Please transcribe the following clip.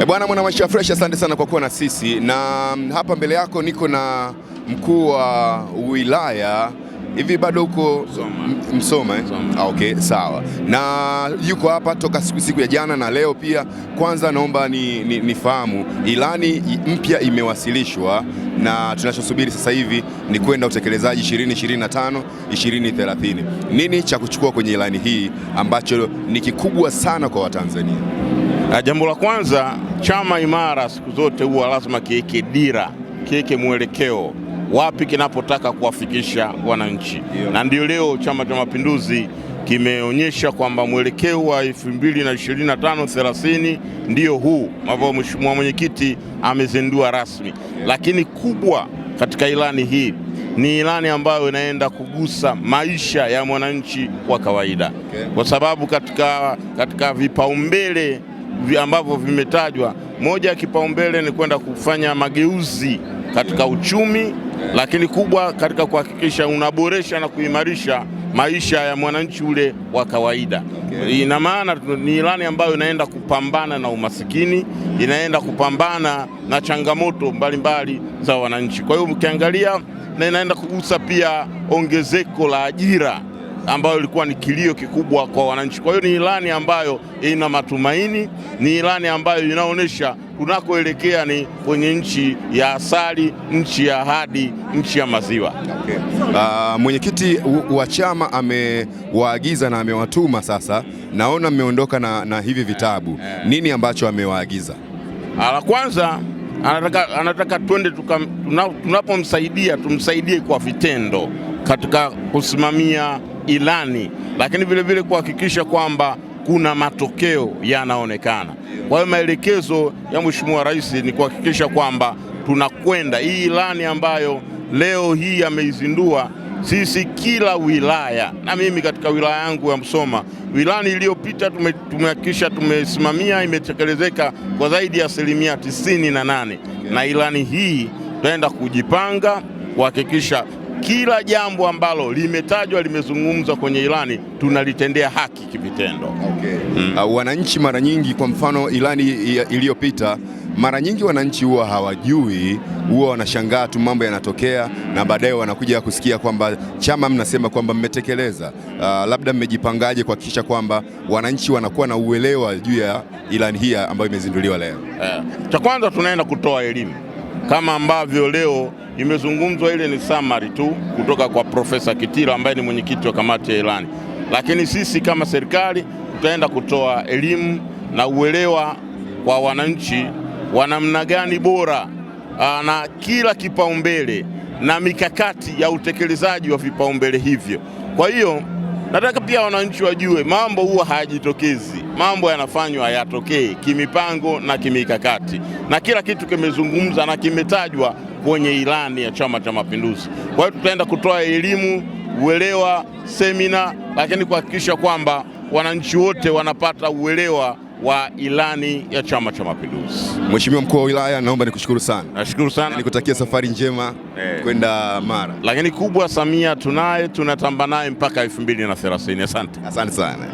E bwana, mwana maisha fresh, asante sana kwa kuwa na sisi, na mm, hapa mbele yako niko na mkuu wa wilaya hivi bado huko Msoma eh? Ah, okay, sawa na yuko hapa toka siku, siku ya jana na leo pia. Kwanza naomba nifahamu ni, ni ilani mpya imewasilishwa na tunachosubiri sasa hivi ni kwenda utekelezaji 2025 2030. Nini cha kuchukua kwenye ilani hii ambacho ni kikubwa sana kwa Watanzania? Ah, jambo la kwanza, chama imara siku zote huwa lazima kiweke dira, kiweke mwelekeo wapi kinapotaka kuwafikisha wananchi, yeah. Na ndio leo Chama cha Mapinduzi kimeonyesha kwamba mwelekeo wa 2025 30 ndio huu ambao mheshimiwa mwenyekiti amezindua rasmi, yeah. Lakini kubwa katika ilani hii ni ilani ambayo inaenda kugusa maisha ya mwananchi wa kawaida, okay. Kwa sababu katika, katika vipaumbele ambavyo vimetajwa, moja ya kipaumbele ni kwenda kufanya mageuzi katika uchumi, lakini kubwa katika kuhakikisha unaboresha na kuimarisha maisha ya mwananchi ule wa kawaida. Okay. Ina maana ni ilani ambayo inaenda kupambana na umasikini, inaenda kupambana na changamoto mbalimbali mbali za wananchi. Kwa hiyo ukiangalia na inaenda kugusa pia ongezeko la ajira ambayo ilikuwa ni kilio kikubwa kwa wananchi. Kwa hiyo ni ilani ambayo ina matumaini, ni ilani ambayo inaonyesha tunakoelekea ni kwenye nchi ya asali, nchi ya ahadi, nchi ya maziwa. Okay. Uh, mwenyekiti wa chama amewaagiza na amewatuma sasa, naona mmeondoka na, na hivi vitabu yeah. Yeah. Nini ambacho amewaagiza? Ah, la kwanza anataka, anataka twende tunapomsaidia tumsaidie kwa vitendo katika kusimamia ilani, lakini vilevile kuhakikisha kwamba kuna matokeo yanaonekana. Kwa hiyo maelekezo ya Mheshimiwa Rais ni kuhakikisha kwamba tunakwenda hii ilani ambayo leo hii ameizindua sisi kila wilaya na mimi katika wilaya yangu ya Msoma, wilani iliyopita tumehakikisha tumesimamia, imetekelezeka kwa zaidi ya asilimia tisini na nane, na ilani hii tutaenda kujipanga kuhakikisha kila jambo ambalo limetajwa limezungumzwa kwenye ilani tunalitendea haki kivitendo. Okay. Mm. Uh, wananchi mara nyingi, kwa mfano ilani iliyopita, mara nyingi wananchi huwa hawajui, huwa wanashangaa tu mambo yanatokea, na baadaye wanakuja kusikia kwamba chama mnasema kwamba mmetekeleza. Uh, labda mmejipangaje kuhakikisha kwamba wananchi wanakuwa na uelewa juu ya ilani hii ambayo imezinduliwa leo? Uh, cha kwanza tunaenda kutoa elimu kama ambavyo leo imezungumzwa, ile ni summary tu kutoka kwa Profesa Kitila ambaye ni mwenyekiti wa kamati ya ilani, lakini sisi kama serikali tutaenda kutoa elimu na uelewa kwa wananchi wa namna gani bora ah, na kila kipaumbele na mikakati ya utekelezaji wa vipaumbele hivyo. Kwa hiyo Nataka pia wananchi wajue mambo huwa hayajitokezi, mambo yanafanywa yatokee kimipango na kimikakati, na kila kitu kimezungumza na kimetajwa kwenye ilani ya Chama cha Mapinduzi. Kwa hiyo tutaenda kutoa elimu, uelewa, semina, lakini kuhakikisha kwamba wananchi wote wanapata uelewa wa ilani ya Chama cha Mapinduzi. Mheshimiwa mkuu wa wilaya, naomba nikushukuru sana. Nashukuru sana, nikutakia safari njema eh, kwenda Mara. Lakini kubwa, Samia tunaye, tunatamba naye mpaka 2030. Asante, asante sana.